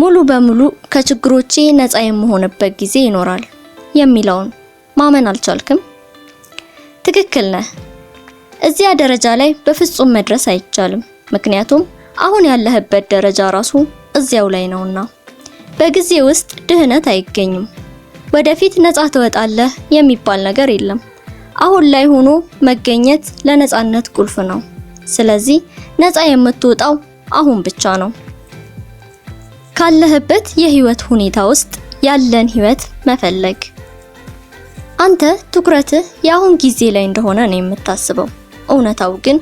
ሙሉ በሙሉ ከችግሮቼ ነፃ የምሆንበት ጊዜ ይኖራል የሚለውን ማመን አልቻልክም? ትክክል ነህ። እዚያ ደረጃ ላይ በፍጹም መድረስ አይቻልም፣ ምክንያቱም አሁን ያለህበት ደረጃ ራሱ እዚያው ላይ ነውና። በጊዜ ውስጥ ድህነት አይገኝም። ወደፊት ነፃ ትወጣለህ የሚባል ነገር የለም። አሁን ላይ ሆኖ መገኘት ለነፃነት ቁልፍ ነው። ስለዚህ ነፃ የምትወጣው አሁን ብቻ ነው። ካለህበት የህይወት ሁኔታ ውስጥ ያለን ህይወት መፈለግ። አንተ ትኩረትህ የአሁን ጊዜ ላይ እንደሆነ ነው የምታስበው። እውነታው ግን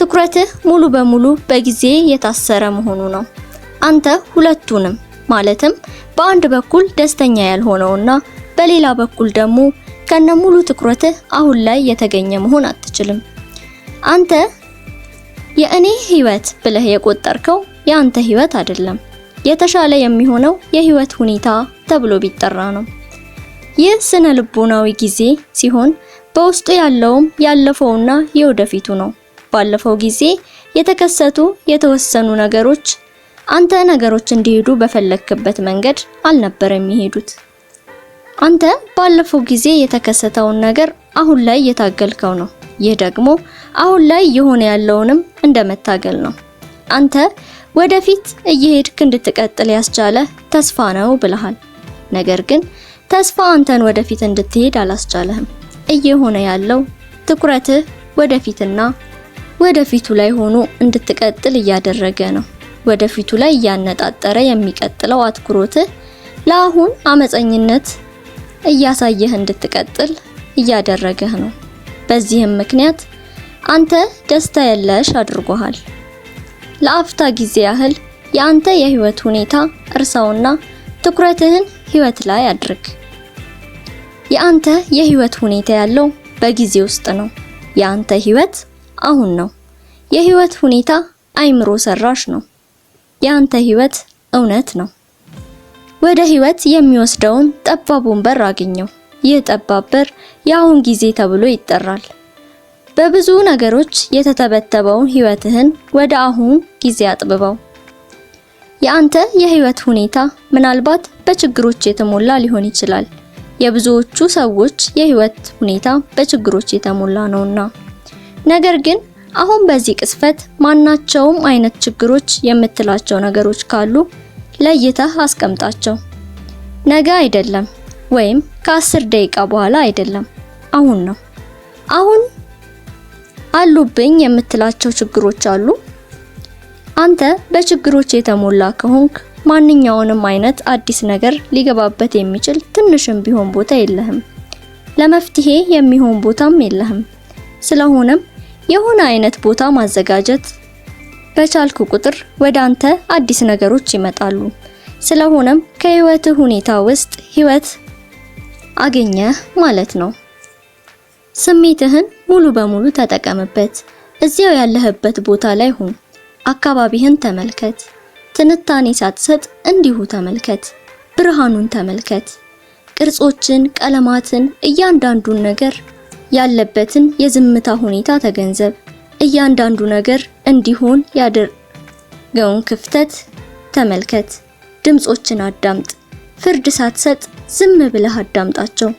ትኩረትህ ሙሉ በሙሉ በጊዜ የታሰረ መሆኑ ነው። አንተ ሁለቱንም ማለትም በአንድ በኩል ደስተኛ ያልሆነውና በሌላ በኩል ደግሞ ከነሙሉ ትኩረትህ አሁን ላይ የተገኘ መሆን አትችልም። አንተ የእኔ ህይወት ብለህ የቆጠርከው የአንተ ህይወት አይደለም። የተሻለ የሚሆነው የህይወት ሁኔታ ተብሎ ቢጠራ ነው። ይህ ስነ ልቦናዊ ጊዜ ሲሆን በውስጡ ያለውም ያለፈውና የወደፊቱ ነው። ባለፈው ጊዜ የተከሰቱ የተወሰኑ ነገሮች አንተ ነገሮች እንዲሄዱ በፈለክበት መንገድ አልነበረም የሚሄዱት። አንተ ባለፈው ጊዜ የተከሰተውን ነገር አሁን ላይ እየታገልከው ነው። ይህ ደግሞ አሁን ላይ የሆነ ያለውንም እንደመታገል ነው። አንተ ወደፊት እየሄድክ እንድትቀጥል ያስቻለ ተስፋ ነው ብለሃል። ነገር ግን ተስፋ አንተን ወደፊት እንድትሄድ አላስቻለህም። እየሆነ ያለው ትኩረትህ ወደፊትና ወደፊቱ ላይ ሆኖ እንድትቀጥል እያደረገ ነው። ወደፊቱ ላይ እያነጣጠረ የሚቀጥለው አትኩሮትህ ለአሁን አመፀኝነት እያሳየህ እንድትቀጥል እያደረገህ ነው። በዚህም ምክንያት አንተ ደስታ የለሽ አድርጎሃል። ለአፍታ ጊዜ ያህል የአንተ የህይወት ሁኔታ እርሳውና ትኩረትህን ህይወት ላይ አድርግ። የአንተ የህይወት ሁኔታ ያለው በጊዜ ውስጥ ነው። የአንተ ህይወት አሁን ነው። የህይወት ሁኔታ አይምሮ ሰራሽ ነው። የአንተ ህይወት እውነት ነው። ወደ ህይወት የሚወስደውን ጠባቡን በር አግኘው። ይህ ጠባብ በር የአሁን ጊዜ ተብሎ ይጠራል። በብዙ ነገሮች የተተበተበውን ህይወትህን ወደ አሁን ጊዜ አጥብበው። የአንተ የህይወት ሁኔታ ምናልባት በችግሮች የተሞላ ሊሆን ይችላል። የብዙዎቹ ሰዎች የህይወት ሁኔታ በችግሮች የተሞላ ነውና፣ ነገር ግን አሁን በዚህ ቅስፈት ማናቸውም አይነት ችግሮች የምትላቸው ነገሮች ካሉ ለይተህ አስቀምጣቸው። ነገ አይደለም ወይም ከአስር ደቂቃ በኋላ አይደለም፣ አሁን ነው። አሁን አሉብኝ የምትላቸው ችግሮች አሉ። አንተ በችግሮች የተሞላ ከሆንክ ማንኛውንም አይነት አዲስ ነገር ሊገባበት የሚችል ትንሽም ቢሆን ቦታ የለህም፣ ለመፍትሄ የሚሆን ቦታም የለህም። ስለሆነም የሆነ አይነት ቦታ ማዘጋጀት በቻልኩ ቁጥር ወደ አንተ አዲስ ነገሮች ይመጣሉ። ስለሆነም ከህይወት ሁኔታ ውስጥ ህይወት አገኘህ ማለት ነው። ስሜትህን ሙሉ በሙሉ ተጠቀምበት። እዚያው ያለህበት ቦታ ላይ ሁን። አካባቢህን ተመልከት። ትንታኔ ሳትሰጥ እንዲሁ ተመልከት። ብርሃኑን ተመልከት። ቅርጾችን፣ ቀለማትን፣ እያንዳንዱን ነገር ያለበትን የዝምታ ሁኔታ ተገንዘብ። እያንዳንዱ ነገር እንዲሆን ያደረገውን ክፍተት ተመልከት። ድምጾችን አዳምጥ። ፍርድ ሳትሰጥ ዝም ብለህ አዳምጣቸው።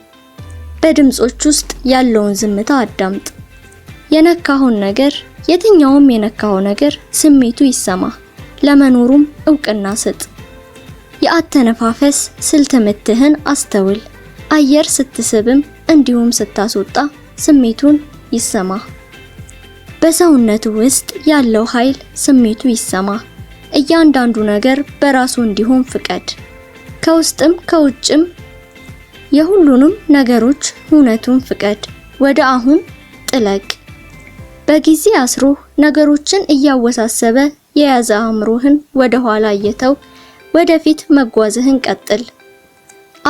በድምጾች ውስጥ ያለውን ዝምታ አዳምጥ። የነካሁን ነገር የትኛውም የነካው ነገር ስሜቱ ይሰማ፣ ለመኖሩም እውቅና ስጥ። የአተነፋፈስ ስልት ምትህን አስተውል። አየር ስትስብም እንዲሁም ስታስወጣ ስሜቱን ይሰማ። በሰውነቱ ውስጥ ያለው ኃይል ስሜቱ ይሰማ። እያንዳንዱ ነገር በራሱ እንዲሆን ፍቀድ። ከውስጥም ከውጭም የሁሉንም ነገሮች እውነቱን ፍቀድ። ወደ አሁን ጥለቅ። በጊዜ አስሮ ነገሮችን እያወሳሰበ የያዘ አእምሮህን ወደ ኋላ እየተው ወደፊት መጓዝህን ቀጥል።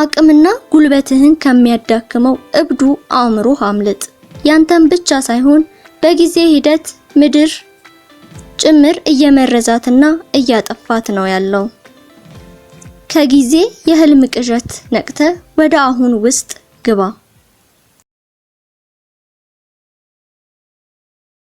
አቅምና ጉልበትህን ከሚያዳክመው እብዱ አእምሮህ አምልጥ። ያንተን ብቻ ሳይሆን በጊዜ ሂደት ምድር ጭምር እየመረዛትና እያጠፋት ነው ያለው። ከጊዜ የህልም ቅዠት ነቅተ ወደ አሁን ውስጥ ግባ።